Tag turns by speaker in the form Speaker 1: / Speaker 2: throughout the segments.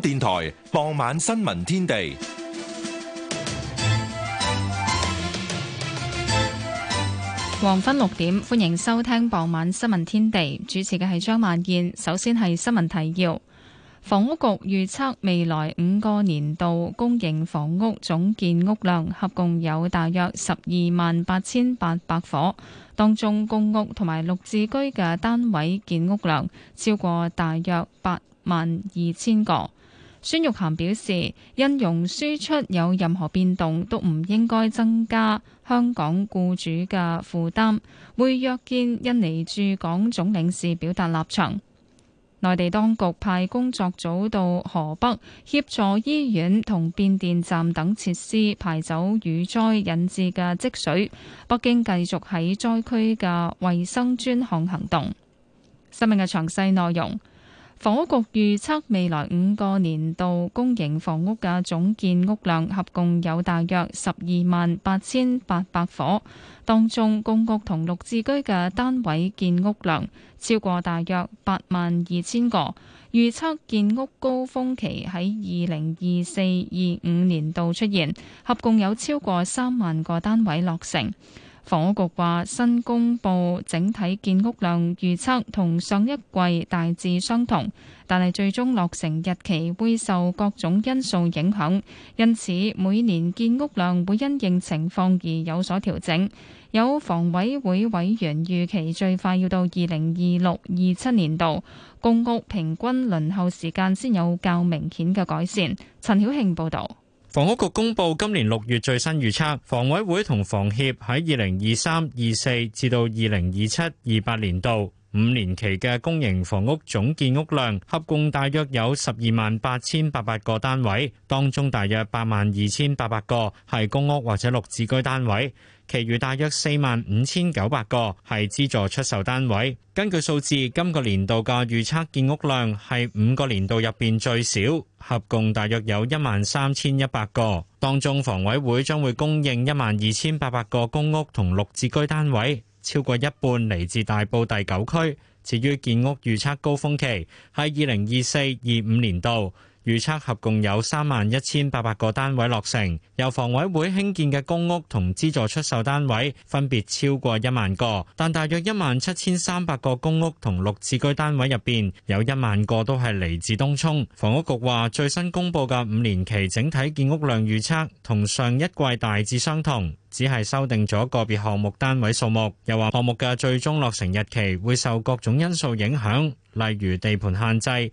Speaker 1: 電台傍晚新聞天地，
Speaker 2: 黃昏六點歡迎收聽傍晚新聞天地。主持嘅係張萬燕。首先係新聞提要。房屋局預測未來五個年度公營房屋總建屋量合共有大約十二萬八千八百伙，當中公屋同埋綠置居嘅單位建屋量超過大約八萬二千個。孫玉菡表示，印傭輸出有任何變動都唔應該增加香港僱主嘅負擔。會約見印尼駐港總領事表達立場。內地當局派工作組到河北協助醫院同變電站等設施排走雨災引致嘅積水。北京繼續喺災區嘅衞生專項行動。新聞嘅詳細內容。房屋局預測未來五個年度公營房屋嘅總建屋量合共有大約十二萬八千八百伙，當中公屋同綠置居嘅單位建屋量超過大約八萬二千個。預測建屋高峰期喺二零二四二五年度出現，合共有超過三萬個單位落成。房屋局話，新公布整體建屋量預測同上一季大致相同，但係最終落成日期會受各種因素影響，因此每年建屋量會因應情況而有所調整。有房委會委員預期，最快要到二零二六、二七年度公屋平均輪候時間先有較明顯嘅改善。陳曉慶報導。
Speaker 3: 房屋局公布今年六月最新預測，房委會同房協喺二零二三、二四至到二零二七、二八年度五年期嘅公營房屋總建屋量，合共大約有十二萬八千八百個單位，當中大約八萬二千八百個係公屋或者綠置居單位。其餘大約四萬五千九百個係資助出售單位。根據數字，今個年度嘅預測建屋量係五個年度入邊最少，合共大約有一萬三千一百個。當中，房委會將會供應一萬二千八百個公屋同綠置居單位，超過一半嚟自大埔第九區。至於建屋預測高峰期，係二零二四、二五年度。預測合共有三萬一千八百個單位落成，由房委會興建嘅公屋同資助出售單位分別超過一萬個，但大約一萬七千三百個公屋同綠置居單位入邊，有一萬個都係嚟自東涌。房屋局話，最新公佈嘅五年期整體建屋量預測同上一季大致相同，只係修訂咗個別項目單位數目。又話項目嘅最終落成日期會受各種因素影響，例如地盤限制。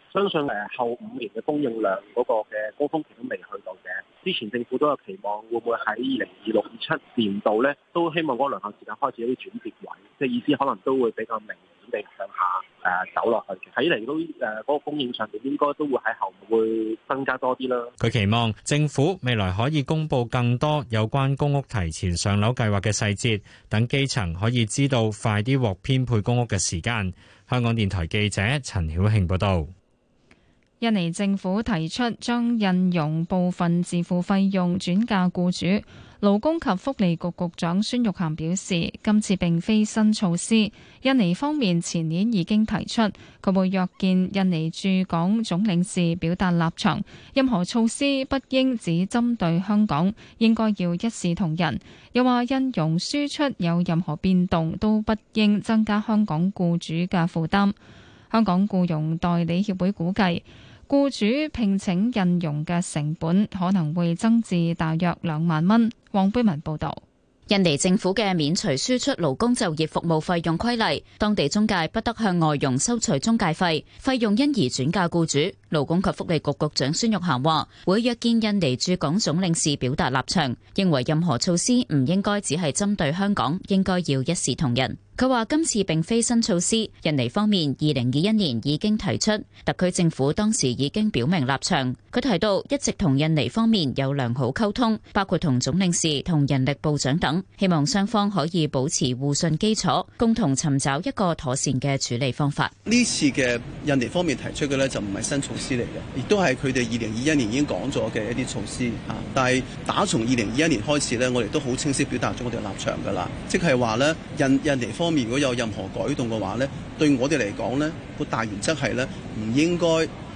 Speaker 4: 相信誒後五年嘅供應量嗰個嘅高峰期都未去到嘅。之前政府都有期望，會，唔會喺二零二六、二七年度咧，都希望嗰個輪候時間開始有啲轉折位，即係意思可能都會比較明顯地向下誒走落去嘅。睇嚟都誒嗰個供應上面應該都會，喺後會增加多啲啦。
Speaker 3: 佢期望政府未來可以公布更多有關公屋提前上樓計劃嘅細節，等基層可以知道快啲獲編配公屋嘅時間。香港電台記者陳曉慶報道。
Speaker 2: 印尼政府提出將印傭部分自付費用轉嫁僱主。勞工及福利局局長孫玉菡表示，今次並非新措施。印尼方面前年已經提出，佢會約見印尼駐港總領事表達立場。任何措施不應只針對香港，應該要一視同仁。又話印傭輸出有任何變動都不應增加香港僱主嘅負擔，香港僱傭代理協會估計。雇主聘請印傭嘅成本可能會
Speaker 5: 增至大約兩萬蚊。黃貝文報導，印尼政府嘅免除輸出勞工就業服務費用規例，當地中介不得向外傭收取中介費，費用因而轉嫁雇主。勞工及福利局局長孫玉菡話：會約見印尼駐港總領事表達立場，認為任何措施唔應該只係針對香港，應該要一視同仁。佢話今次並非新措施，印尼方面二零二一年已經提出，特區政府當時已經表明立場，佢提到一直同印尼方面有良好溝通，包括同總領事、同人力部長等，希望雙方可以保持互信基礎，共同尋找一個妥善嘅處理方法。
Speaker 4: 呢次嘅印尼方面提出嘅咧，就唔係新措施嚟嘅，亦都係佢哋二零二一年已經講咗嘅一啲措施嚇。但係打從二零二一年開始咧，我哋都好清晰表達咗我哋立場噶啦，即係話咧，印印尼方。如果有任何改動嘅話咧，對我哋嚟講咧，個大原則係咧，唔應該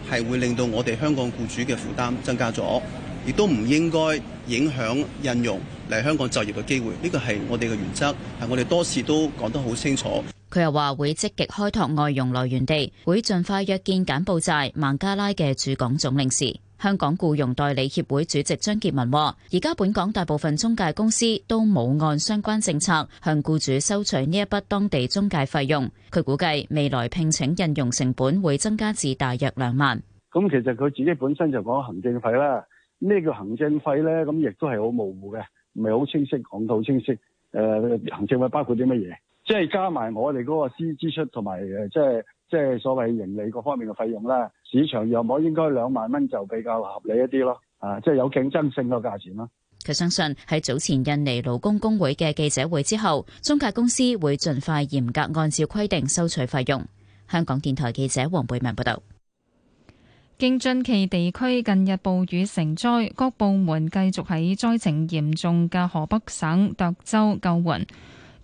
Speaker 4: 係會令到我哋香港僱主嘅負擔增加咗，亦都唔應該影響印佣嚟香港就業嘅機會。呢個係我哋嘅原則，係我哋多次都講得好清楚。
Speaker 5: 佢又話會積極開拓外傭來源地，會盡快約見柬埔寨、孟加拉嘅駐港總領事。香港僱傭代理協會主席張傑文話，而家本港大部分中介公司都冇按相關政策向僱主收取呢一筆當地中介費用。佢估計未來聘請印傭成本會增加至大約兩萬。
Speaker 6: 咁其實佢自己本身就講行政費啦，咩叫行政費咧？咁亦都係好模糊嘅，唔係好清晰講到好清晰。誒、呃，行政費包括啲乜嘢？即係加埋我哋嗰個支支出同埋誒，即係。即係所謂盈利各方面嘅費用啦，市場若冇應該兩萬蚊就比較合理一啲咯，啊，即係有競爭性
Speaker 5: 嘅價錢啦。佢相信喺早前印尼勞工工會嘅記者會之後，中介公司會盡快嚴格按照規定收取費用。香港電台記者黃貝文報道。
Speaker 2: 京津冀地區近日暴雨成災，各部門繼續喺災情嚴重嘅河北省德州救援。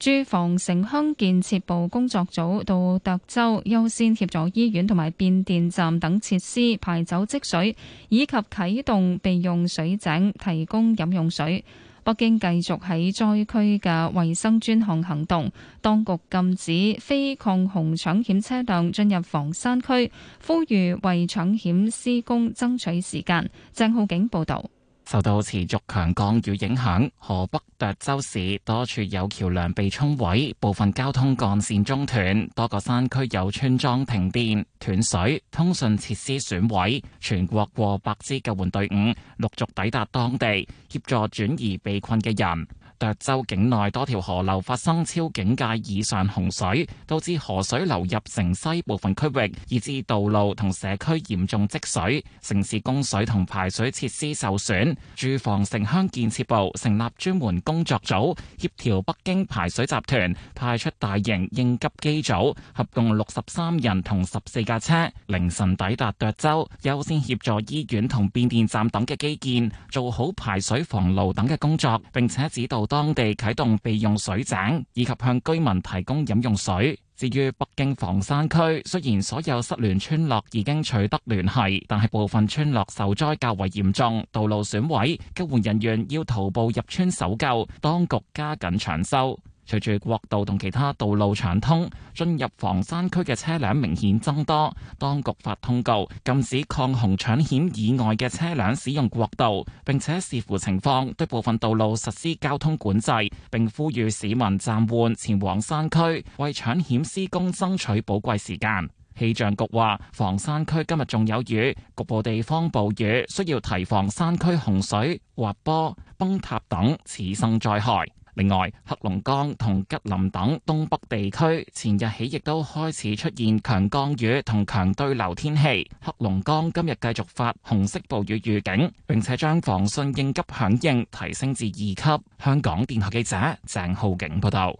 Speaker 2: 住房城鄉建設部工作組到德州優先協助醫院同埋變電站等設施排走積水，以及啟動備用水井提供飲用水。北京繼續喺災區嘅衞生專項行動，當局禁止非抗洪搶險車輛進入房山區，呼籲為搶險施工爭取時間。鄭浩景報導。
Speaker 7: 受到持續強降雨影響，河北涿州市多處有橋梁被沖毀，部分交通幹線中斷，多個山區有村莊停電、斷水、通訊設施損毀。全國過百支救援隊伍陸續抵達當地，協助轉移被困嘅人。涿州境內多條河流發生超警戒以上洪水，導致河水流入城西部分區域，以致道路同社區嚴重積水，城市供水同排水設施受損。住房城鄉建設部成立專門工作組，協調北京排水集團，派出大型應急機組，合共六十三人同十四架車，凌晨抵達涿州，優先協助醫院同變電站等嘅基建，做好排水防澇等嘅工作，並且指導。當地啟動備用水井，以及向居民提供飲用水。至於北京房山區，雖然所有失聯村落已經取得聯繫，但係部分村落受災較為嚴重，道路損毀，救援人員要徒步入村搜救，當局加緊搶修。隨住國道同其他道路暢通，進入房山區嘅車輛明顯增多。當局發通告，禁止抗洪搶險以外嘅車輛使用國道，並且視乎情況對部分道路實施交通管制。並呼籲市民暫緩前往山區，為搶險施工爭取寶貴時間。氣象局話：房山區今日仲有雨，局部地方暴雨，需要提防山區洪水、滑坡、崩塌等次生災害。另外，黑龍江同吉林等東北地區前日起亦都開始出現強降雨同強對流天氣。黑龍江今日繼續發紅色暴雨預警，並且將防汛應急響應提升至二級。香港電台記者鄭浩景報道。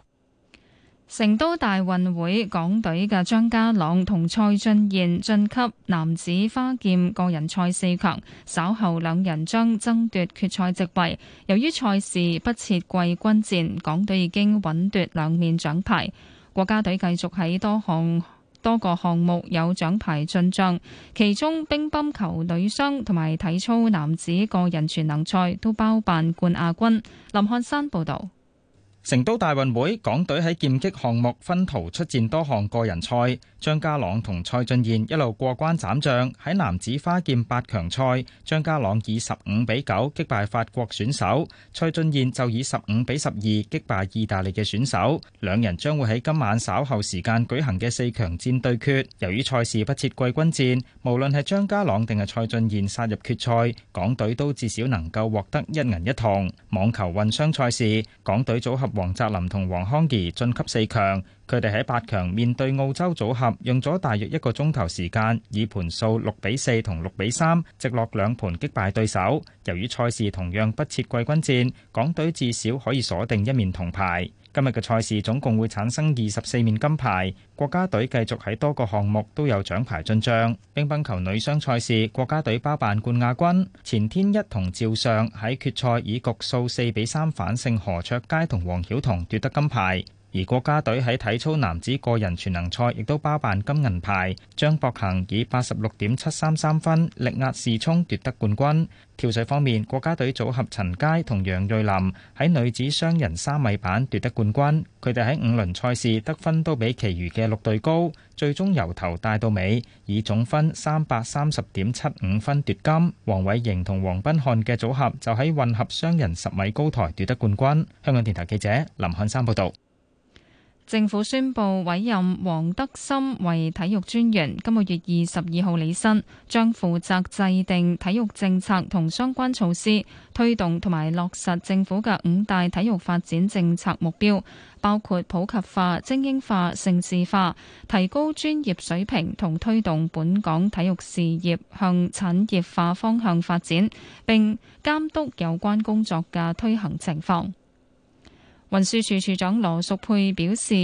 Speaker 2: 成都大運會港隊嘅張家朗同蔡俊彥晉級男子花劍個人賽四強稍後兩人將爭奪決賽席位。由於賽事不設季軍戰港隊已經穩奪兩面獎牌。國家隊繼續喺多項多個項目有獎牌進賬，其中乒乓球女雙同埋體操男子個人全能賽都包辦冠亞軍，林漢山報道。
Speaker 8: 成都大運會，港隊喺劍擊項目分途出戰多項個人賽。張家朗同蔡俊彥一路過關斬將，喺男子花劍八強賽，張家朗以十五比九擊敗法國選手，蔡俊彥就以十五比十二擊敗意大利嘅選手。兩人將會喺今晚稍後時間舉行嘅四強戰對決。由於賽事不設季軍戰，無論係張家朗定係蔡俊彥殺入決賽，港隊都至少能夠獲得一銀一銅。網球混雙賽事，港隊組合。黃澤林同黃康儀晉級四強。佢哋喺八強面對澳洲組合，用咗大約一個鐘頭時間，以盤數六比四同六比三，直落兩盤擊敗對手。由於賽事同樣不設季軍戰，港隊至少可以鎖定一面銅牌。今日嘅賽事總共會產生二十四面金牌，國家隊繼續喺多個項目都有獎牌進賬，乒乓球女雙賽事，國家隊包辦冠亞軍，錢天一同趙尚喺決賽以局數四比三反勝何卓佳同黃曉彤，奪得金牌。而國家隊喺體操男子個人全能賽亦都包辦金銀牌。張博恒以八十六點七三三分力壓視聰奪得冠軍。跳水方面，國家隊組合陳佳同楊瑞琳喺女子雙人三米板奪得冠軍。佢哋喺五輪賽事得分都比其餘嘅六隊高，最終由頭帶到尾，以總分三百三十點七五分奪金。黃偉瑩同黃賓漢嘅組合就喺混合雙人十米高台奪得冠軍。香港電台記者林漢山報導。
Speaker 2: 政府宣布委任黃德森為體育專員，今個月二十二號履新，將負責制定體育政策同相關措施，推動同埋落實政府嘅五大體育發展政策目標，包括普及化、精英化、盛事化，提高專業水平同推動本港體育事業向產業化方向發展，並監督有關工作嘅推行情況。運輸署署長羅淑佩表示，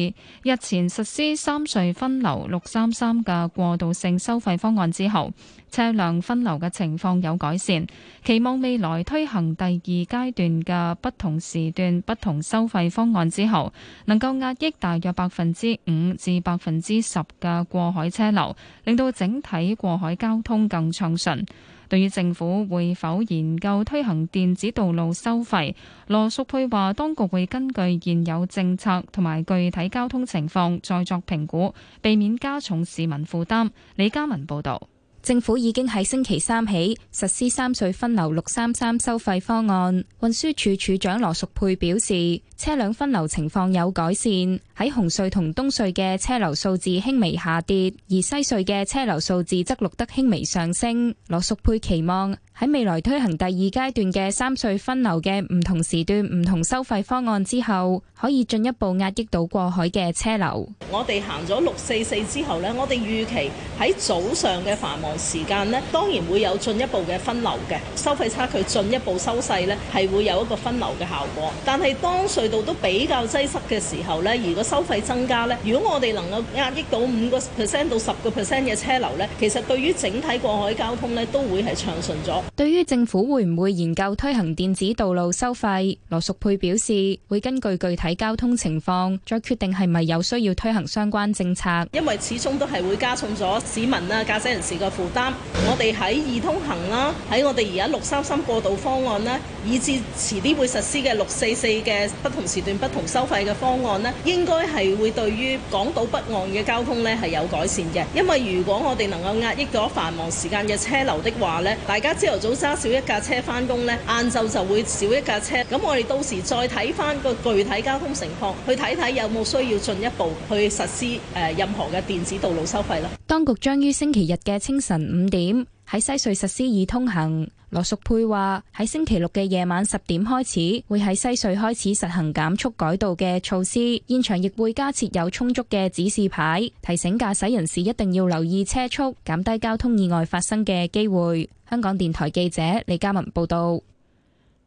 Speaker 2: 日前實施三隧分流六三三嘅過渡性收費方案之後，車輛分流嘅情況有改善。期望未來推行第二階段嘅不同時段不同收費方案之後，能夠壓抑大約百分之五至百分之十嘅過海車流，令到整體過海交通更暢順。對於政府會否研究推行電子道路收費，羅淑佩話：當局會根據現有政策同埋具體交通情況再作評估，避免加重市民負擔。李嘉文報導。政府已經喺星期三起實施三隧分流六三三收費方
Speaker 9: 案。運輸署署署長羅淑佩表示，車輛分流情況有改善，喺紅隧同東隧嘅車流數字輕微下跌，而西隧嘅車流數字則錄得輕微上升。羅淑佩期望，喺未來推行第二階段嘅三隧分流嘅唔同時段唔同收費方案之後，可以進一步壓抑到過海嘅車流。
Speaker 10: 我哋行咗六四四之後呢，我哋預期喺早上嘅繁忙時間呢，當然會有進一步嘅分流嘅收費差距，進一步收細呢，係會有一個分流嘅效果。但係當隧道都比較擠塞嘅時候呢，如果收費增加呢，如果我哋能夠壓抑到五個 percent 到十個 percent 嘅車流呢，其實對於整體過海交通呢，都會係暢順咗。
Speaker 9: 對於政府會唔會研究推行電子道路收費，羅淑佩表示會根據具體交通情況再決定係
Speaker 10: 咪有需要推行相關政策。因為始終都係會加重咗市民啦、駕駛人士嘅負擔。我哋喺二通行啦，喺我哋而家六三三過渡方案啦，以至遲啲會實施嘅六四四嘅不同時段不同收費嘅方案呢，應該係會對於港島北岸嘅交通呢係有改善嘅。因為如果我哋能夠壓抑咗繁忙時間嘅車流的話呢，大家之後。早揸少一架車返工咧，晏晝就會少一架車。咁我哋到時再睇翻個具體交通情況，去睇睇有冇需要進一步去實施誒任何嘅電子道路收費啦。
Speaker 9: 當局將於星期日嘅清晨五點喺西隧實施易通行。羅淑佩話：喺星期六嘅夜晚十點開始，會喺西隧開始實行減速改道嘅措施，現場亦會加設有充足嘅指示牌，提醒駕駛人士一定要留意車速，減低交
Speaker 2: 通意外發生嘅機會。香港電台記者李嘉文報道。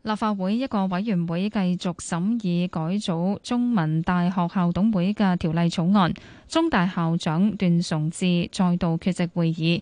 Speaker 2: 立法會一個委員會繼續審議改組中文大學校董會嘅條例草案，中大校長段崇智再度缺席會議。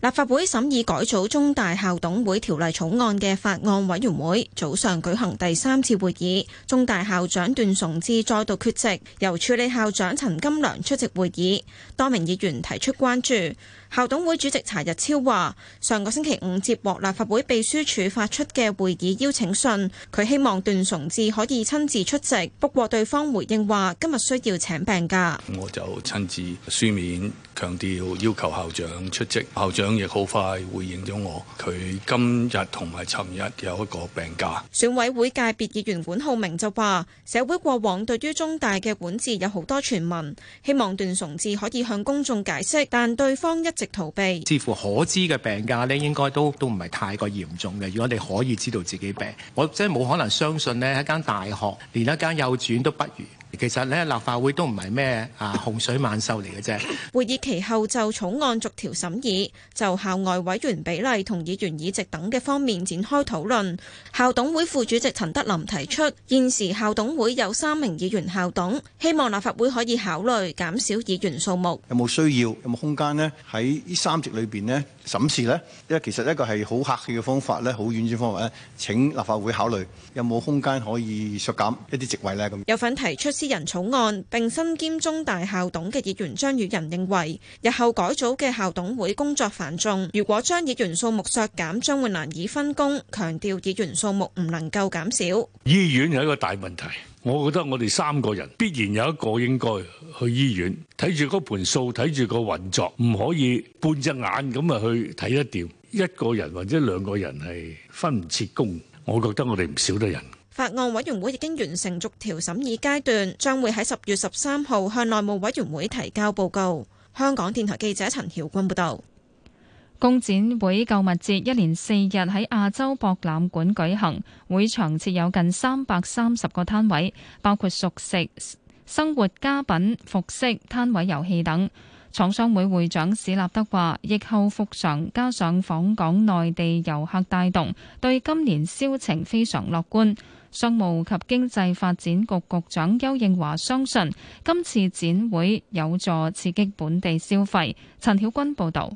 Speaker 11: 立法會審議改組中大校董會條例草案嘅法案委員會早上舉行第三次會議，中大校長段崇智再度缺席，由處理校長陳金良出席會議，多名議員提出關注。校董會主席查日超話：上個星期五接獲立法會秘書處發出嘅會議邀請信，佢希望段崇智可以親自出席，不過對方回應話今日需要請病假。
Speaker 6: 我就親自書面強調要求校長出席，校長亦好快回應咗我，佢今日同埋尋日有一個病假。
Speaker 11: 選委會界別議員管浩明就話：社會過往對於中大嘅管治有好多傳聞，希望段崇智可以向公眾解釋，但對方一直逃避，
Speaker 3: 似乎可知嘅病假咧，應該都都唔係太過嚴重嘅。如果你可以知道自己病，我即係冇可能相信咧，一間大學連一間幼稚園都不如。其實咧，立法會都唔係咩啊洪水猛獸嚟嘅啫。
Speaker 11: 會議期後就草案逐條審議，就校外委員比例同議員議席等嘅方面展開討論。校董會副主席陳德霖提出，現時校董會有三名議員校董，希望立法會可以考慮減少議員數目。
Speaker 12: 有冇需要？有冇空間呢？喺呢三席裏邊呢？審視呢，因為其實一個係好客氣嘅方法咧，好婉轉方法咧，請立法會考慮有冇空間可以削減一啲職位呢？咁
Speaker 11: 有份提出私人草案並身兼中大校董嘅議員張宇人認為，日後改組嘅校董會工作繁重，如果將議員數目削減，將會難以分工，強調議員數目唔能夠減少。
Speaker 3: 醫院係一個大
Speaker 6: 問題。我覺得我哋三個人必然有一個應該去醫院睇住嗰盤數，睇住個運作，唔可以半隻眼咁啊去睇得掂。一個人
Speaker 3: 或者兩個人係分唔切工。我覺得我哋唔少得人。
Speaker 11: 法案委員會已經完成逐條審議階段，將會喺十月十三號向內務委員會提交報告。香港電台記者陳曉君報導。
Speaker 2: 工展會購物節一連四日喺亞洲博覽館舉行，會場設有近三百三十個攤位，包括熟食、生活家品、服飾攤位、遊戲等。廠商會會長史立德話：疫後復常加上訪港內地遊客帶動，對今年銷情非常樂觀。商務及經濟發展局局局長邱應華相信今次展會有助刺
Speaker 11: 激本地消費，陳曉君報道。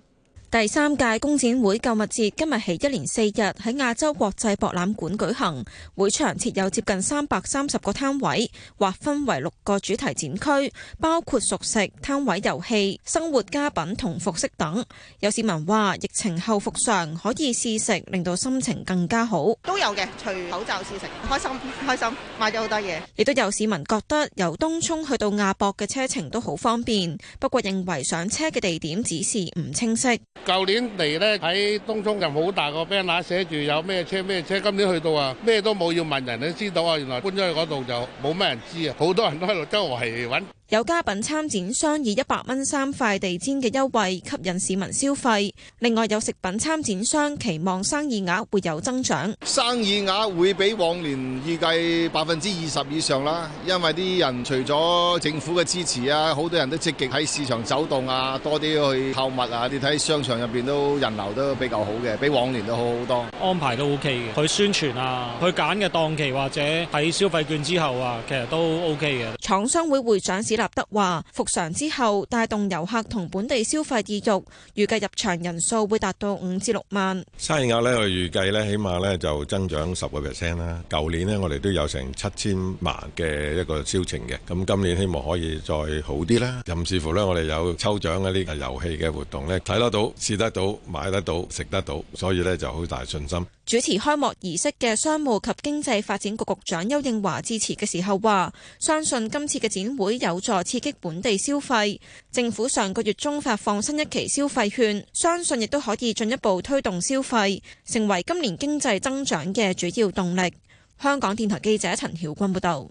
Speaker 11: 第三屆工展會購物節今日起一連四日喺亞洲國際博覽館舉行，會場設有接近三百三十個攤位，劃分為六個主題展區，包括熟食、攤位遊戲、生活家品同服飾等。有市民話，疫情後復常可以試食，令到心情更加好。
Speaker 10: 都有嘅，除口罩試食，開心開心，買咗好多嘢。
Speaker 11: 亦都有市民覺得由東涌去到亞博嘅車程都好方便，不過認為上車嘅地點指示唔清晰。
Speaker 6: 舊年嚟咧喺東涌就好大個 banner 寫住有咩車咩車，今年去到啊咩都冇，要問人先知道啊！原來搬咗去
Speaker 11: 嗰度就冇乜人知啊，好多人都喺落周圍揾。有家品參展商以一百蚊三塊地氈嘅優惠吸引市民消費，另外有食品參展商期望生意額會有增長，
Speaker 7: 生意額會比往年預計百分之二十以上啦。因為啲人除咗政府嘅支持啊，好多人都積極喺市場走動啊，多啲去購物啊。你睇商場入邊都人流都比較好嘅，比往
Speaker 3: 年都好好多。安排都 OK 嘅，去宣傳啊，去揀嘅檔期或者喺消費券之後啊，其實都 OK 嘅。
Speaker 11: 廠商會會長史立德話：復常之後帶動遊客同本地消費意欲，預計入場人數會達到五至六萬。
Speaker 1: 生意額咧，我預計咧，起碼呢就增長十個 percent 啦。舊年呢，我哋都有成七千萬嘅一個銷情嘅，咁今年希望可以再好啲啦。甚至乎呢，我哋有抽獎呢啲遊戲嘅活動呢睇得到、試得到、買得到、食得到，所以呢就好大信心。
Speaker 11: 主持開幕儀式嘅商務及經濟發展局局長丘應樺致辭嘅時候話：相信今次嘅展會有。助刺激本地消費，政府上個月中發放新一期消費券，相信亦都可以進一步推動消費成為今年經濟增長嘅主要動力。香港電台記者陳曉君報道。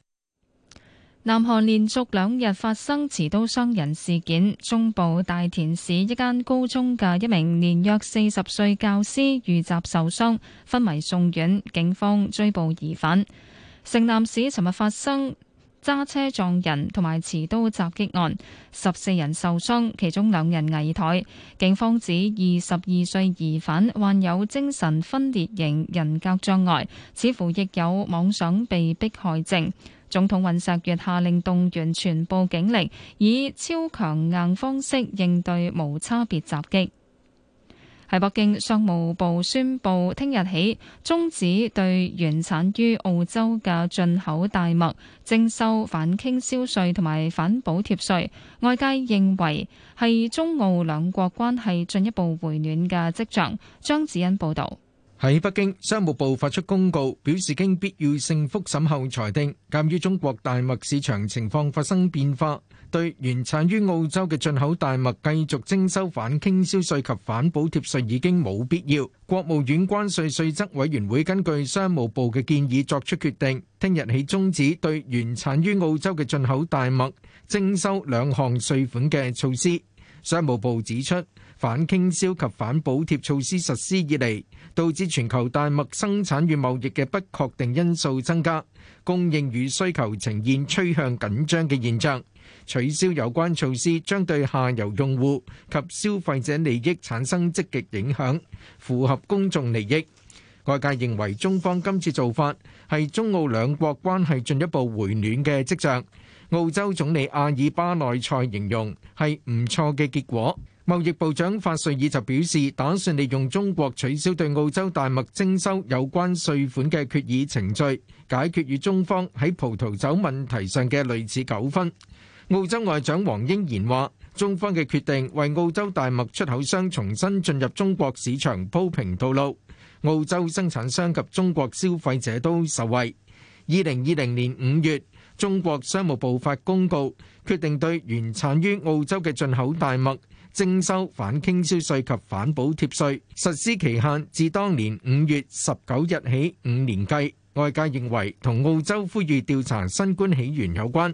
Speaker 11: 南韓連續兩日發生持刀傷人事件，
Speaker 2: 中部大田市一間高中嘅一名年約四十歲教師遇襲受傷昏迷送院，警方追捕疑犯。城南市尋日發生揸車撞人同埋持刀襲擊案，十四人受傷，其中兩人危殆。警方指二十二歲疑犯患有精神分裂型人格障礙，似乎亦有妄想被迫害症。總統尹錫悅下令動員全部警力，以超強硬方式應對無差別襲擊。喺北京商務部宣布，聽日起終止對原產於澳洲嘅進口大麥徵收反傾銷稅同埋反補貼稅。外界認為係中澳兩國關係進一步回暖嘅跡象。張子欣報導，
Speaker 1: 喺北京商務部發出公告，表示經必要性複審後裁定，鑑於中國大麥市場情況發生變化。對原產於澳洲嘅進口大麥繼續徵收反傾銷稅及反補貼稅已經冇必要。國務院關稅稅則委員會根據商務部嘅建議作出決定，聽日起終止對原產於澳洲嘅進口大麥徵收兩項稅款嘅措施。商務部指出，反傾銷及反補貼措施實施以嚟，導致全球大麥生產與貿易嘅不確定因素增加，供應與需求呈現趨向緊張嘅現象。取消有關措施將對下游用戶及消費者利益產生積極影響，符合公眾利益。外界認為中方今次做法係中澳兩國關係進一步回暖嘅跡象。澳洲總理阿爾巴內塞形容係唔錯嘅結果。貿易部長法瑞爾就表示，打算利用中國取消對澳洲大麥徵收有關稅款嘅決議程序，解決與中方喺葡萄酒問題上嘅類似糾紛。澳洲外長黃英賢話：中方嘅決定為澳洲大麥出口商重新進入中國市場鋪平道路，澳洲生產商及中國消費者都受惠。二零二零年五月，中國商務部發公告，決定對原產於澳洲嘅進口大麥徵收反傾銷稅及反補貼稅，實施期限自當年五月十九日起五年計。外界認為同澳洲呼籲調查新冠起源有關。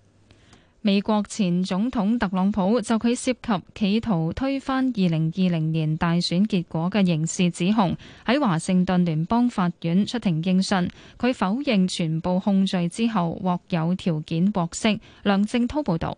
Speaker 2: 美國前總統特朗普就佢涉及企圖推翻二零二零年大選結果嘅刑事指控，喺華盛頓聯邦法院出庭應訊，佢否認全部控罪之後獲有條件獲釋。梁正濤報道。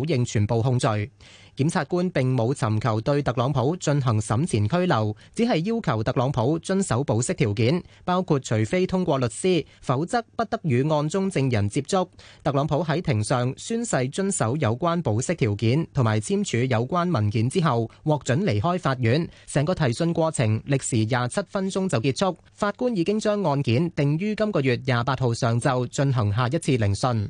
Speaker 4: 否認全部控罪，檢察官並冇尋求對特朗普進行審前拘留，只係要求特朗普遵守保釋條件，包括除非通過律師，否則不得與案中證人接觸。特朗普喺庭上宣誓遵守有關保釋條件，同埋簽署有關文件之後，獲准離開法院。成個提訊過程歷時廿七分鐘就結束，法官已經將案件定於今個月廿八號上晝進行下一次聆訊。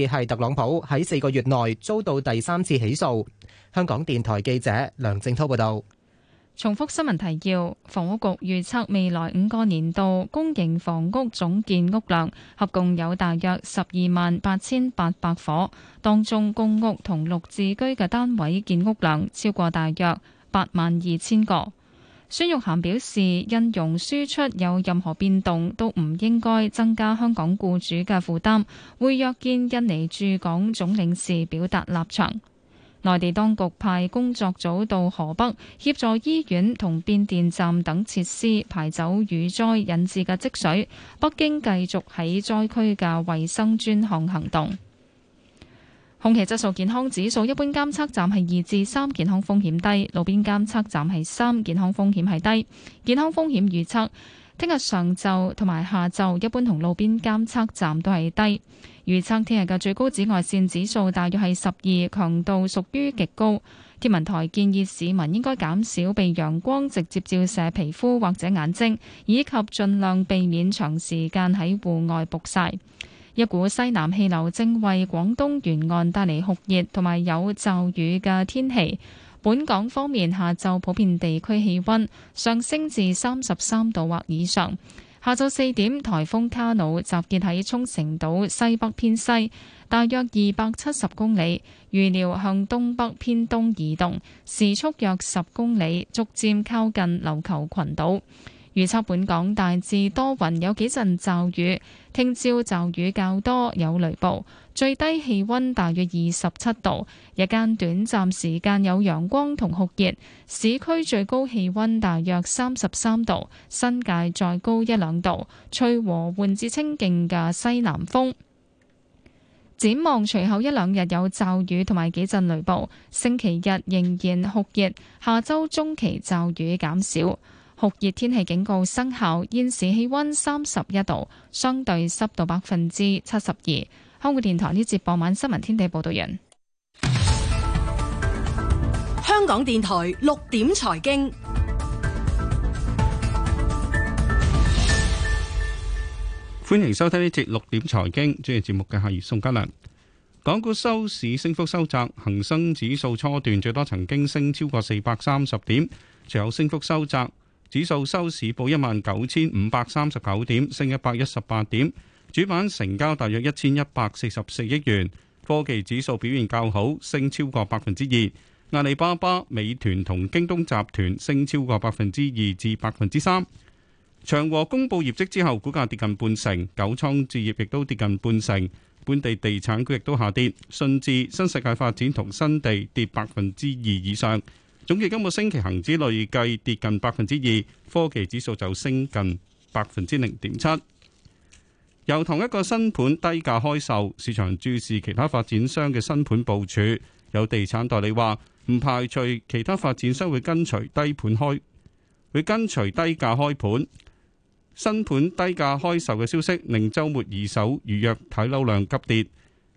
Speaker 4: 亦係特朗普喺四個月內遭到第三次起訴。香港電台記者梁正濤報道。
Speaker 2: 重複新聞提要：房屋局預測未來五個年度公營房屋總建屋量合共有大約十二萬八千八百伙，當中公屋同綠置居嘅單位建屋量超過大約八萬二千個。孫玉涵表示，印傭輸出有任何變動都唔應該增加香港僱主嘅負擔，會約見印尼駐港總領事表達立場。內地當局派工作組到河北協助醫院同變電站等設施排走雨災引致嘅積水，北京繼續喺災區嘅衞生專項行動。空氣質素健康指數一般監測站係二至三，健康風險低；路邊監測站係三，健康風險係低。健康風險預測，聽日上晝同埋下晝一般同路邊監測站都係低。預測聽日嘅最高紫外線指數大約係十二，強度屬於極高。天文台建議市民應該減少被陽光直接照射皮膚或者眼睛，以及盡量避免長時間喺戶外曝曬。一股西南氣流正為廣東沿岸帶嚟酷熱同埋有驟雨嘅天氣。本港方面，下晝普遍地區氣温上升至三十三度或以上。下晝四點，颱風卡努集結喺沖繩島西北偏西，大約二百七十公里，預料向東北偏東移動，時速約十公里，逐漸靠近琉球群島。預測本港大致多雲，有幾陣驟雨。聽朝驟雨較多，有雷暴。最低氣溫大約二十七度，日間短暫時間有陽光同酷熱。市區最高氣溫大約三十三度，新界再高一兩度。吹和緩至清勁嘅西南風。展望隨後一兩日有驟雨同埋幾陣雷暴。星期日仍然酷熱。下周中期驟雨減少。酷熱天氣警告生效，現時氣温三十一度，相對濕度百分之七十二。香港電台呢節傍晚新聞天地報道人，
Speaker 13: 香港電台六點財經，
Speaker 6: 歡迎收聽呢節六點財經，主持節目嘅係宋嘉良。港股收市升幅收窄，恒生指數初段最多曾經升超過四百三十點，隨後升幅收窄。指數收市報一萬九千五百三十九點，升一百一十八點。主板成交大約一千一百四十四億元。科技指數表現較好，升超過百分之二。阿里巴巴、美團同京東集團升超過百分之二至百分之三。長和公布業績之後，股價跌近半成，九倉置業亦都跌近半成。本地地產股亦都下跌，信置、新世界發展同新地跌百分之二以上。總結今個星期恒指累計跌近百分之二，科技指數就升近百分之零點七。由同一個新盤低價開售，市場注視其他發展商嘅新盤部署。有地產代理話唔排除其他發展商會跟隨低盤開，會跟隨低價開盤。新盤低價開售嘅消息令週末二手預約睇樓量急跌。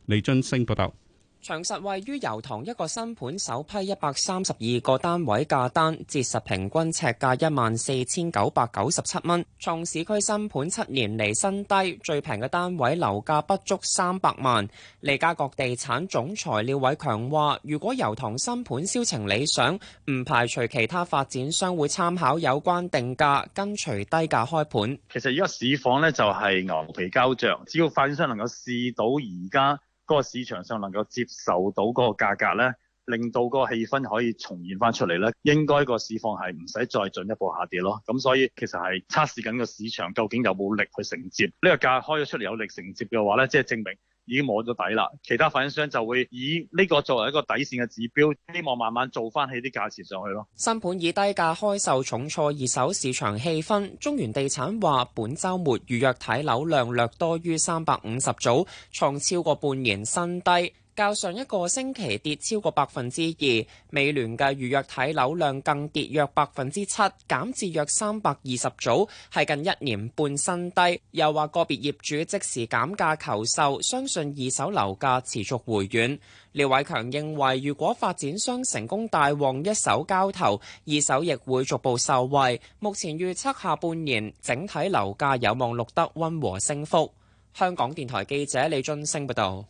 Speaker 6: 李津升報道。
Speaker 12: 長實位於油塘一個新盤首批一百三十二個單位價單折實平均尺價一萬四千九百九十七蚊，創市區新盤七年嚟新低，最平嘅單位樓價不足三百萬。利嘉閣地產總裁廖偉強話，如果油塘新盤銷情理想，唔排除其他發展商會參考有關定價，跟隨低價開盤。
Speaker 3: 其實而家市況呢，就係牛皮膠着，只要發展商能夠試到而家。嗰個市場上能夠接受到嗰個價格咧，令到個氣氛可以重現翻出嚟咧，應該個市況係唔使再進一步下跌咯。咁所以其實係測試緊個市場究竟有冇力去承接，呢個價開咗出嚟，有力承接嘅話咧，即係證明。已經摸咗底啦，其他發展商就會以呢個作為一個底線嘅指標，希望慢慢做翻起啲價錢上去咯。
Speaker 12: 新盤以低價開售，重挫二手市場氣氛。中原地產話，本周末預約睇樓量略多於三百五十組，創超過半年新低。較上一個星期跌超過百分之二，美聯嘅預約睇樓量更跌約百分之七，減至約三百二十組，係近一年半新低。又話個別業主即時減價求售，相信二手樓價持續回暖。廖偉強認為，如果發展商成功帶旺一手交投，二手亦會逐步受惠。目前預測下半年整體樓價有望錄得溫和升幅。香港電台記者李津升報導。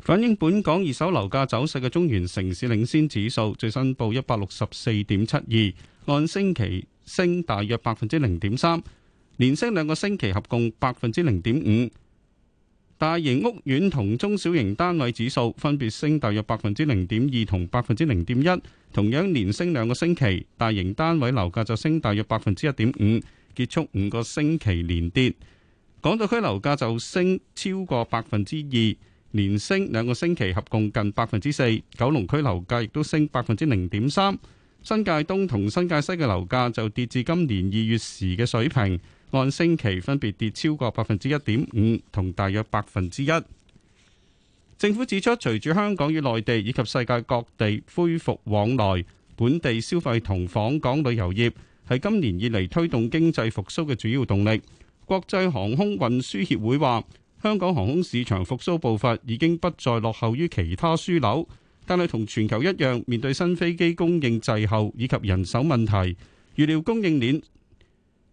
Speaker 6: 反映本港二手樓價走勢嘅中原城市領先指數最新報一百六十四點七二，按星期升大約百分之零點三，連升兩個星期合共百分之零點五。大型屋苑同中小型單位指數分別升大約百分之零點二同百分之零點一，同樣連升兩個星期。大型單位樓價就升大約百分之一點五，結束五個星期連跌。港島區樓價就升超過百分之二。連升兩個星期，合共近百分之四。九龍區樓價亦都升百分之零點三。新界東同新界西嘅樓價就跌至今年二月時嘅水平，按星期分別跌超過百分之一點五同大約百分之一。政府指出，隨住香港與內地以及世界各地恢復往來，本地消費同訪港旅遊業係今年以嚟推動經濟復甦嘅主要動力。國際航空運輸協會話：香港航空市場復甦步伐已經不再落後於其他樞紐，但係同全球一樣，面對新飛機供應滯後以及人手問題，預料供應鏈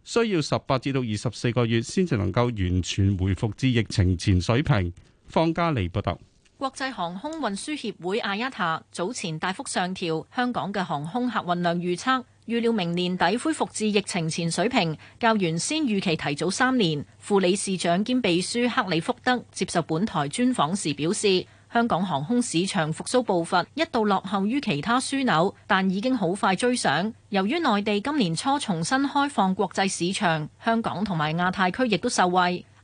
Speaker 6: 需要十八至到二十四個月先至能夠完全回復至疫情前水平。方家莉報道，
Speaker 13: 國際航空運輸協會 IATA 早前大幅上調香港嘅航空客運量預測。預料明年底恢復至疫情前水平，較原先預期提早三年。副理事長兼秘書克里福德接受本台專訪時表示，香港航空市場復甦步伐一度落後於其他樞紐，但已經好快追上。由於內地今年初重新開放國際市場，香港同埋亞太區亦都受惠。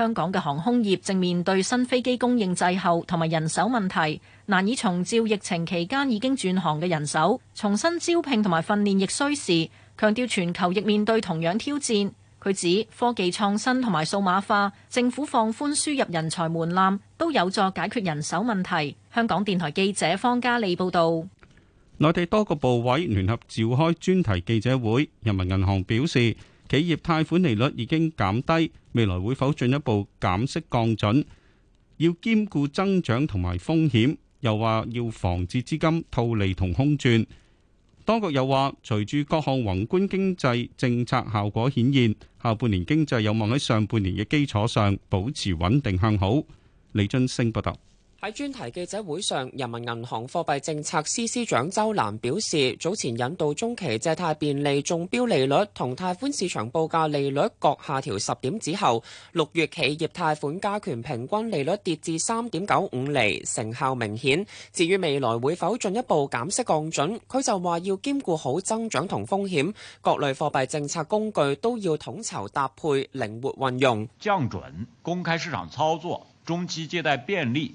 Speaker 13: 香港嘅航空業正面對新飛機供應滯後同埋人手問題，難以重召疫情期間已經轉行嘅人手，重新招聘同埋訓練亦需時。強調全球亦面對同樣挑戰。佢指科技創新同埋數碼化，政府放寬輸入人才門檻，都有助解決人手問題。香港電台記者方嘉莉報道。
Speaker 6: 內地多個部委聯合召開專題記者會，人民銀行表示，企業貸款利率已經減低，未來會否進一步減息降準？要兼顧增長同埋風險，又話要防止資金套利同空轉。當局又話，隨住各項宏觀經濟政策效果顯現，下半年經濟有望喺上半年嘅基礎上保持穩定向好。李俊升不，報道。
Speaker 12: 喺專題記者會上，人民銀行貨幣政策司司長周蘭表示，早前引導中期借貸便利中標利率同貸款市場報價利率各下調十點之後，六月企業貸款加權平均利率跌至三點九五厘，成效明顯。至於未來會否進一步減息降準，佢就話要兼顧好增長同風險，各類貨幣政策工具都要統
Speaker 3: 籌搭配，靈活運用。降準、公開市場操作、中期借貸便利。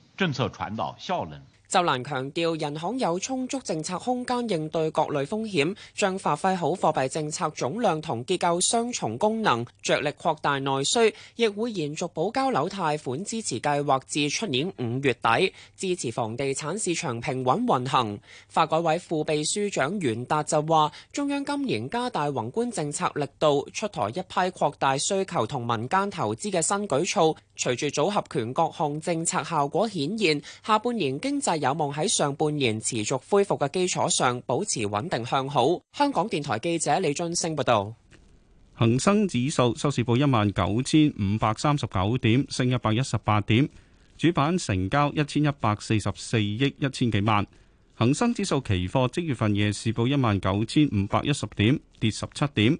Speaker 3: 政策傳導效能。
Speaker 12: 就難強調人行有充足政策空間應對各類風險，將發揮好貨幣政策總量同結構雙重功能，着力擴大內需，亦會延續保交樓貸款支持計劃至出年五月底，支持房地產市場平穩運行。發改委副秘書長袁達就話，中央今年加大宏觀政策力度，出台一批擴大需求同民間投資嘅新舉措，隨住組合拳各項政策效果顯現，下半年經濟。有望喺上半年持續恢復嘅基礎上保持穩定向好。香港電台記者李俊升報道：
Speaker 6: 「恒生指數收市報一萬九千五百三十九點，升一百一十八點，主板成交一千一百四十四億一千幾萬。恒生指數期貨即月份夜市報一萬九千五百一十點，跌十七點。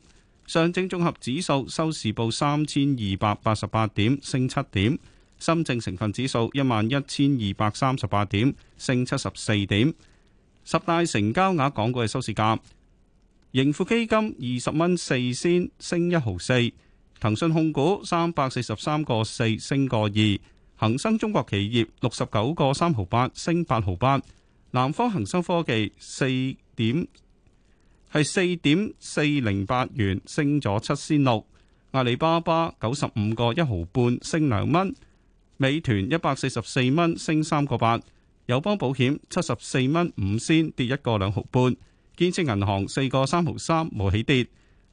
Speaker 6: 上證綜合指數收市報三千二百八十八點，升七點。深證成分指數一萬一千二百三十八點，升七十四點。十大成交額港股嘅收市價，盈富基金二十蚊四仙升一毫四，騰訊控股三百四十三個四升個二，恒生中國企業六十九個三毫八升八毫八，南方恒生科技四點係四點四零八元，升咗七仙六，阿里巴巴九十五個一毫半升兩蚊。美團一百四十四蚊升三個八，友邦保險七十四蚊五仙跌一個兩毫半，建設銀行四個三毫三冇起跌，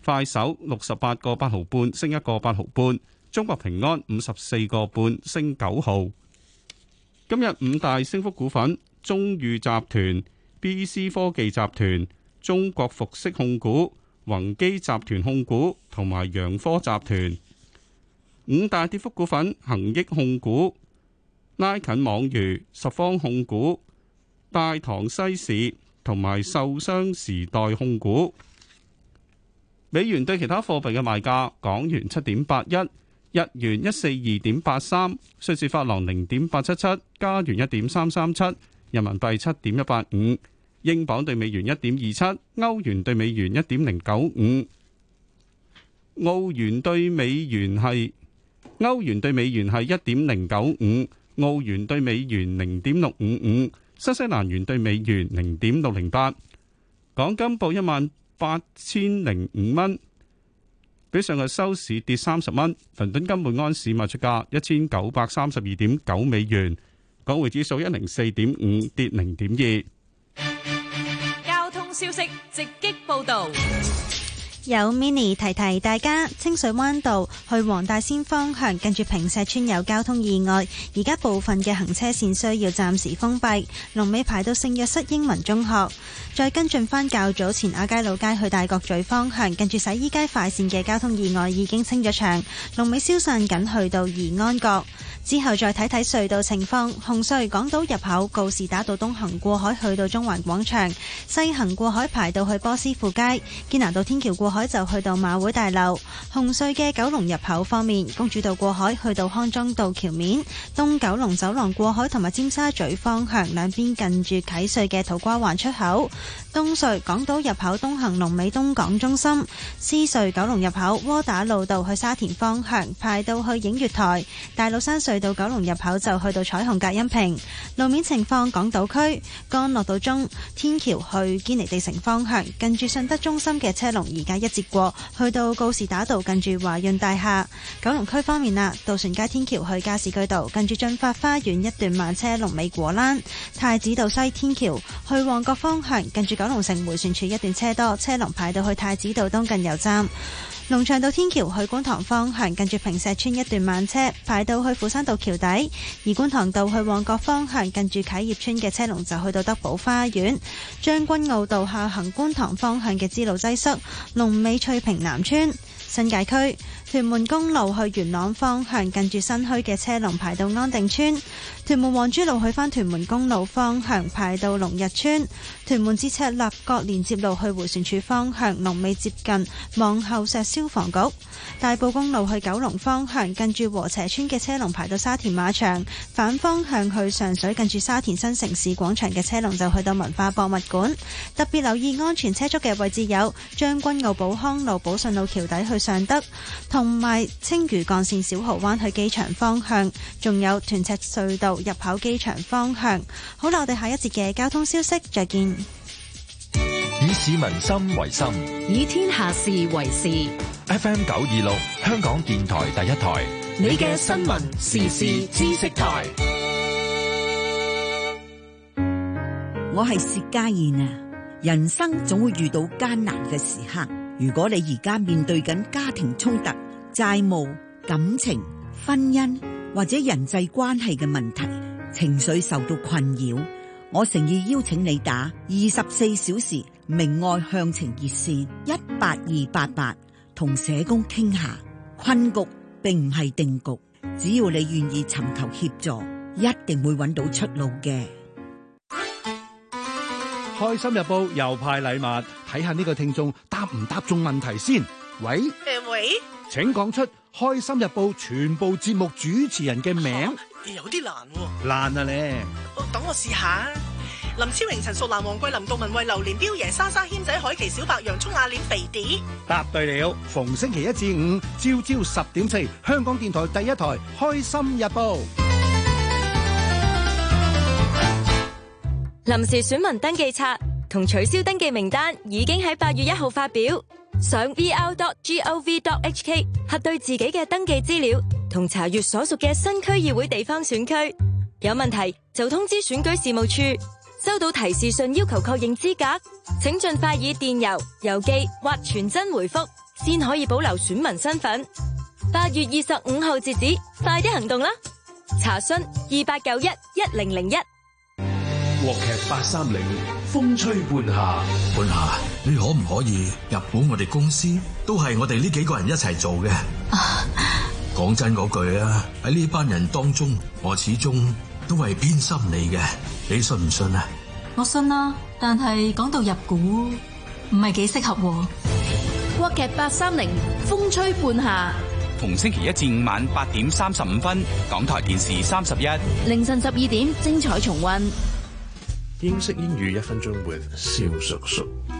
Speaker 6: 快手六十八個八毫半升一個八毫半，中國平安五十四個半升九毫。今日五大升幅股份：中裕集團、BC 科技集團、中國服飾控股、宏基集團控股同埋揚科集團。五大跌幅股份：恒益控股、拉近網娛、十方控股、大唐西市同埋受傷時代控股。美元對其他貨幣嘅賣價：港元七點八一，日元一四二點八三，瑞士法郎零點八七七，加元一點三三七，人民幣七點一八五，英鎊對美元一點二七，歐元對美元一點零九五，澳元對美元係。歐元對美元係一點零九五，澳元對美元零點六五五，新西蘭元對美元零點六零八。港金報一萬八千零五蚊，比上日收市跌三十蚊。倫敦金每安士賣出價一千九百三十二點九美元。港匯指數一零四點五，跌零點二。
Speaker 9: 交通消息，直擊報道。
Speaker 14: 有 mini 提提大家，清水灣道去黃大仙方向，近住坪石村有交通意外，而家部分嘅行車線需要暫時封閉，龍尾排到聖約瑟英文中學。再跟進返較早前亞皆老街去大角咀方向，近住洗衣街快線嘅交通意外已經清咗場，龍尾消散緊去到宜安閣。之後再睇睇隧道情況。紅隧港島入口告士打道東行過海去到中環廣場，西行過海排到去波斯富街。堅拿道天橋過海就去到馬會大樓。紅隧嘅九龍入口方面，公主道過海去到康莊道橋面，東九龍走廊過海同埋尖沙咀方向兩邊近住啟隧嘅土瓜灣出口。東隧港島入口東行龍尾東港中心。獅隧九龍入口窩打老道去沙田方向排到去映月台，大老山隧。去到九龍入口就去到彩虹隔音屏，路面情況，港島區干諾道中天橋去堅尼地城方向，近住信德中心嘅車龍而家一截過；去到告士打道近住華潤大廈，九龍區方面啦，渡船街天橋去加士居道近住駿發花園一段慢車龍尾果欄；太子道西天橋去旺角方向，近住九龍城回旋處一段車多，車龍排到去太子道東近油站。龍翔道天橋去觀塘方向，近住坪石村一段慢車排到去富山道橋底；而觀塘道去旺角方向，近住啟業村嘅車龍就去到德寶花園；將軍澳道下行觀塘方向嘅支路擠塞，龍尾翠屏南村新界區。屯門公路去元朗方向，近住新墟嘅車龍排到安定村；屯門皇珠路去返屯門公路方向，排到龍日村；屯門至赤鱲角連接路去回旋處方向，龍尾接近望后石消防局；大埔公路去九龍方向，近住禾輋邨嘅車龍排到沙田馬場；反方向去上水，近住沙田新城市廣場嘅車龍就去到文化博物館。特別留意安全車速嘅位置有將軍澳寶康路、寶順路橋底去尚德。同埋青嶼幹線小蚝灣去機場方向，仲有屯赤隧道入口機場方向。好啦，我哋下一節嘅交通消息再見。
Speaker 1: 以市民心為心，
Speaker 14: 以天下事為事。
Speaker 1: F M 九二六，香港電台第一台，
Speaker 5: 你嘅新聞時事知識台。我係薛家燕啊！人生總會遇到艱難嘅時刻，如果你而家面對緊家庭衝突。債務、感情、婚姻或者人際關係嘅問題，情緒受到困擾，我誠意邀請你打二十四小時明愛向晴熱線一八二八八，同社工傾下。困局並唔係定局，只要你願意尋求協助，一定會
Speaker 14: 揾到出路嘅。
Speaker 6: 開心日報又派禮物，睇下呢個聽眾答唔答中問題先。喂，誒喂，請講出《開心日報》全部節目主持人嘅名，
Speaker 10: 有啲難，
Speaker 6: 難啊你。
Speaker 10: 等我試下，林超榮、陳淑蘭、黃桂林、杜文為、榴蓮、標爺、莎莎、謙仔、海琪、小白、楊蔥、阿臉、肥迪，
Speaker 6: 答對了。逢星期一至五，朝朝十點四，香港電台第一台《開心日報》。
Speaker 13: 臨時選民登記冊同取消登記名單已經喺八月一號發表。上 vl.gov.hk 核對自己嘅登記資料，同查閱所屬嘅新區議會地方選區。有問題就通知選舉事務處。收到提示信要求確認資格，請盡快以電郵、郵寄或傳真回覆，先可以保留選民身份。八月二十五號截止，快啲行動啦！查詢二八九一一零零一。
Speaker 1: 國劇八三零，30，風吹半夏。半夏，你可唔可以入股我哋公司？都係我哋呢幾個人一齊做嘅。講 真嗰句啊，喺呢班人當中，我始終都係偏心你嘅。你信唔信啊？
Speaker 13: 我信啦，但係講到入股，唔係幾適合。國劇八三零，風吹半夏。
Speaker 6: 逢星期一至五晚八點三十五分，港台電視三十一，
Speaker 5: 凌晨十二點精彩重溫。
Speaker 2: 英式
Speaker 14: 英語一分鐘 with 蕭叔叔。